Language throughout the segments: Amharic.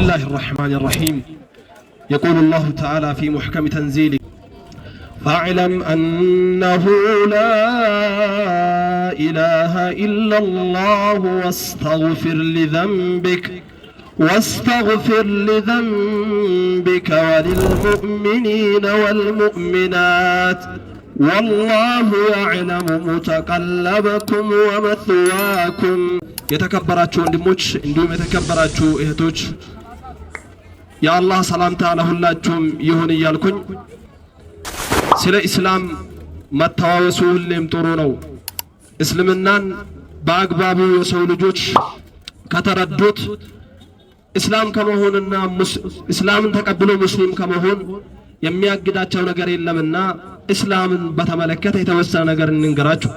ብስሚላህ አራሕማን አራሒም የቁሉ ላሁ ተዓላ ፊ ሙሕከሚ ተንዚሊ ፈዕለም አነሁ ላ ኢላሃ ኢለላሁ ወስተግፊር ሊዘንቢክ واستغفر لذنبك وللمؤمنين والمؤمنات والله يعلم متقلبكم ومثواكم የተከበራችሁ ወንድሞች እንዲሁም የተከበራችሁ እህቶች የአላህ ሰላምታ ለሁላችሁም ይሁን እያልኩኝ ስለ ኢስላም መተዋወሱ ሁሌም ጥሩ ነው። እስልምናን በአግባቡ የሰው ልጆች ከተረዱት እስላም ከመሆንና እስላምን ተቀብሎ ሙስሊም ከመሆን የሚያግዳቸው ነገር የለምና እስላምን በተመለከተ የተወሰነ ነገር እንንገራችሁ።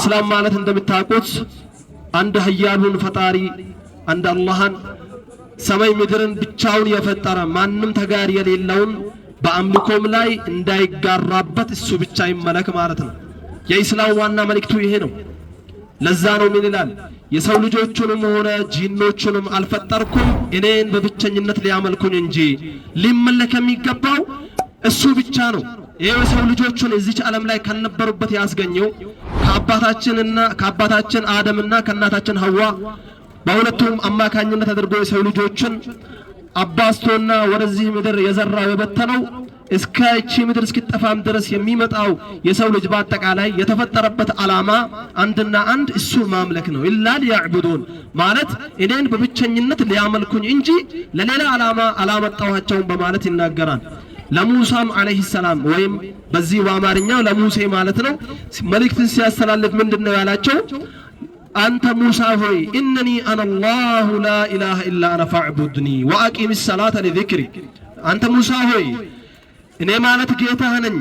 እስላም ማለት እንደምታውቁት አንድ ኃያሉን ፈጣሪ አንድ አላህን ሰማይ ምድርን ብቻውን የፈጠረ ማንም ተጋር የሌለውን በአምልኮም ላይ እንዳይጋራበት እሱ ብቻ ይመለክ ማለት ነው። የኢስላም ዋና መልእክቱ ይሄ ነው። ለዛ ነው ምን ይላል? የሰው ልጆቹንም ሆነ ጂኖቹንም አልፈጠርኩም እኔን በብቸኝነት ሊያመልኩኝ እንጂ። ሊመለክ የሚገባው እሱ ብቻ ነው። ይህ የሰው ልጆቹን እዚች ዓለም ላይ ከነበሩበት ያስገኘው ከአባታችንና ከአባታችን አደምና ከእናታችን ሐዋ በሁለቱም አማካኝነት አድርጎ የሰው ልጆችን አባስቶና ወደዚህ ምድር የዘራው የበተነው እስከ እቺ ምድር እስኪጠፋም ድረስ የሚመጣው የሰው ልጅ በአጠቃላይ የተፈጠረበት ዓላማ አንድና አንድ እሱ ማምለክ ነው። ኢላ ሊያዕቡዱን ማለት እኔን በብቸኝነት ሊያመልኩኝ እንጂ ለሌላ ዓላማ አላመጣኋቸውም በማለት ይናገራል። ለሙሳም አለይሂ ሰላም ወይም በዚህ በአማርኛ ለሙሴ ማለት ነው መልእክትን ሲያስተላልፍ ምንድን ነው ያላቸው? አንተ ሙሳ ሆይ እነኒ አነላሁ ላ ኢላሃ ኢላ አነ ፈዕቡድኒ ወአቂም ሰላተ ሊዚክሪ። አንተ ሙሳ ሆይ እኔ ማለት ጌታህ ነኝ፣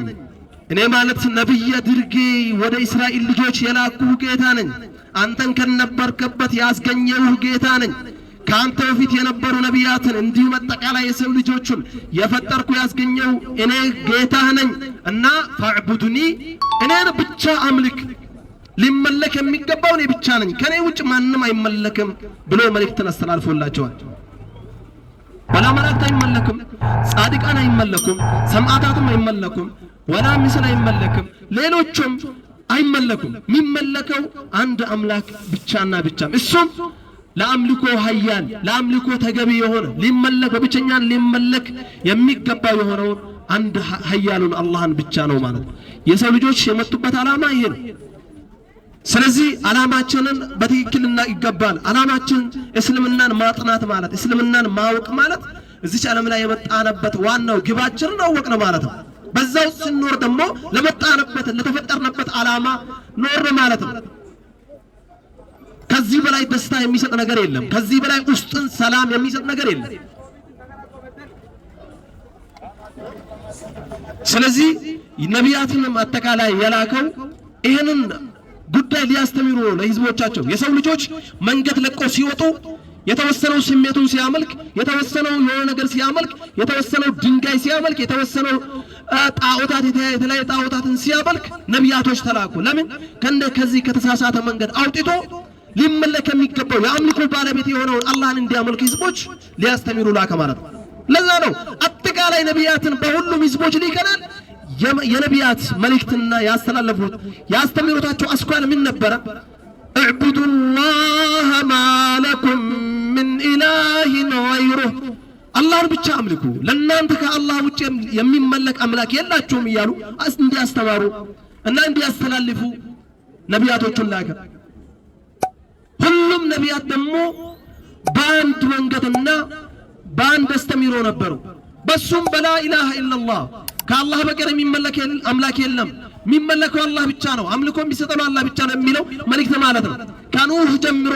እኔ ማለት ነቢይ አድርጌ ወደ እስራኤል ልጆች የላኩህ ጌታ ነኝ። አንተን ከነበርክበት ያስገኘሁህ ጌታ ነኝ። ከአንተ በፊት የነበሩ ነቢያትን እንዲሁም አጠቃላይ የሰው ልጆቹን የፈጠርኩ ያስገኘው እኔ ጌታህ ነኝ እና ፈዕቡድኒ እኔን ብቻ አምልክ ሊመለክ የሚገባው እኔ ብቻ ነኝ፣ ከኔ ውጭ ማንም አይመለክም ብሎ መልእክትን አስተላልፎላቸዋል። ወላ መላእክት አይመለክም፣ ጻድቃን አይመለኩም፣ ሰማዕታትም አይመለኩም፣ ወላ ምስል አይመለክም፣ ሌሎቹም አይመለኩም። የሚመለከው አንድ አምላክ ብቻና ብቻም እሱም ለአምልኮ ኃያል ለአምልኮ ተገቢ የሆነ ሊመለክ በብቸኛን ሊመለክ የሚገባ የሆነውን አንድ ኃያሉን አላህን ብቻ ነው ማለት ነው። የሰው ልጆች የመጡበት ዓላማ ይሄ ነው። ስለዚህ አላማችንን በትክክልና ይገባል። አላማችን እስልምናን ማጥናት ማለት እስልምናን ማወቅ ማለት እዚች ዓለም ላይ የመጣነበት ዋናው ግባችንን አወቅን ማለት ነው። በዛው ስንኖር ደግሞ ለመጣንበት ለተፈጠርንበት ዓላማ ኖር ማለት ነው። ከዚህ በላይ ደስታ የሚሰጥ ነገር የለም። ከዚህ በላይ ውስጥን ሰላም የሚሰጥ ነገር የለም። ስለዚህ ነቢያትንም አጠቃላይ የላከው ይህንን ጉዳይ ሊያስተምሩ ለህዝቦቻቸው የሰው ልጆች መንገድ ለቀው ሲወጡ የተወሰነው ስሜቱን ሲያመልክ፣ የተወሰነው የሆነ ነገር ሲያመልክ፣ የተወሰነው ድንጋይ ሲያመልክ፣ የተወሰነው ጣዖታት የተለያዩ ጣዖታትን ሲያመልክ ነቢያቶች ተላኩ። ለምን ከነ ከዚህ ከተሳሳተ መንገድ አውጥቶ ሊመለክ የሚገባው የአምልኮ ባለቤት የሆነውን አላህን እንዲያመልክ ህዝቦች ሊያስተምሩ ላከ ማለት ነው። ለዛ ነው አጠቃላይ ነቢያትን በሁሉም ህዝቦች ሊከናል የነቢያት መልእክትና ያስተላለፉት ያስተምሩታቸው አስኳል ምን ነበረ? እዕቡዱላህ ማለኩም ምን ኢላሂን ገይሩህ አላህን ብቻ አምልኩ፣ ለእናንተ ከአላህ ውጭ የሚመለክ አምላክ የላችሁም እያሉ እንዲያስተማሩ እና እንዲያስተላልፉ ነቢያቶቹን ላከ። ሁሉም ነቢያት ደግሞ በአንድ መንገድና በአንድ አስተምሮ ነበሩ። በሱም በላ ኢላሃ ኢለላህ ከአላህ በቀር የሚመለክ አምላክ የለም፣ የሚመለከው አላህ ብቻ ነው፣ አምልኮ የሚሰጠው አላህ ብቻ ነው የሚለው መልእክት ማለት ነው። ከኑህ ጀምሮ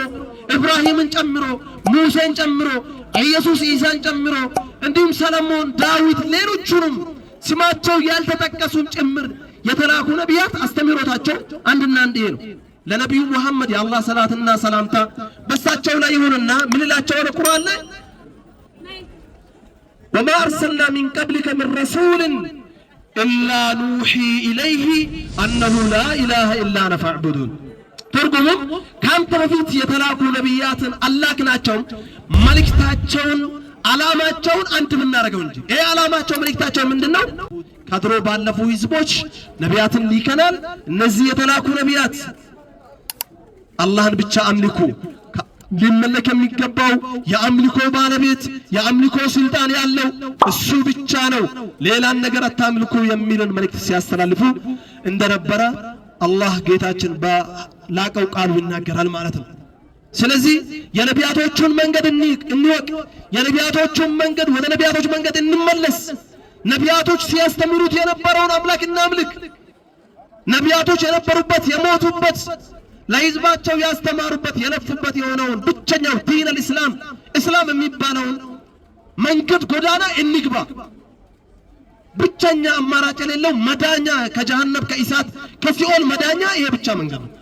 ኢብራሂምን ጨምሮ ሙሴን ጨምሮ ኢየሱስ ኢሳን ጨምሮ እንዲሁም ሰለሞን፣ ዳዊት፣ ሌሎቹንም ስማቸው ያልተጠቀሱም ጭምር የተላኩ ነቢያት አስተምህሮታቸው አንድና አንድ ይሄ ነው። ለነቢዩ መሐመድ የአላህ ሰላትና ሰላምታ በሳቸው ላይ ይሁንና ምንላቸው እላቸው ቁርአን ላይ ወማ አርሰልና ሚን ቀብሊከ ምን ረሱልን ኢላ ኑሒ ኢለይህ አነሁ ላ ኢላሃ ኢላ አነ ፈዕቡዱን። ትርጉሙም ከአንተ በፊት የተላኩ ነቢያትን አላክናቸውም መልእክታቸውን ዓላማቸውን አንድ የምናደርገው እንጂ ይህ ዓላማቸው መልእክታቸው ምንድን ነው? ከድሮ ባለፉ ህዝቦች ነቢያትን ሊከናል። እነዚህ የተላኩ ነቢያት አላህን ብቻ አምልኩ ሊመለክ የሚገባው የአምልኮ ባለቤት የአምልኮ ስልጣን ያለው እሱ ብቻ ነው፣ ሌላን ነገር አታምልኩ የሚልን መልእክት ሲያስተላልፉ እንደነበረ አላህ ጌታችን በላቀው ቃሉ ይናገራል ማለት ነው። ስለዚህ የነቢያቶቹን መንገድ እንወቅ፣ የነቢያቶቹን መንገድ ወደ ነቢያቶች መንገድ እንመለስ። ነቢያቶች ሲያስተምሩት የነበረውን አምላክ እናምልክ። ነቢያቶች የነበሩበት የሞቱበት ለህዝባቸው ያስተማሩበት የለፉበት የሆነውን ብቸኛው ዲን አልእስላም እስላም የሚባለውን መንገድ ጎዳና እንግባ። ብቸኛ አማራጭ የሌለው መዳኛ ከጀሃነም ከእሳት ከሲኦል መዳኛ ይሄ ብቻ መንገድ ነው።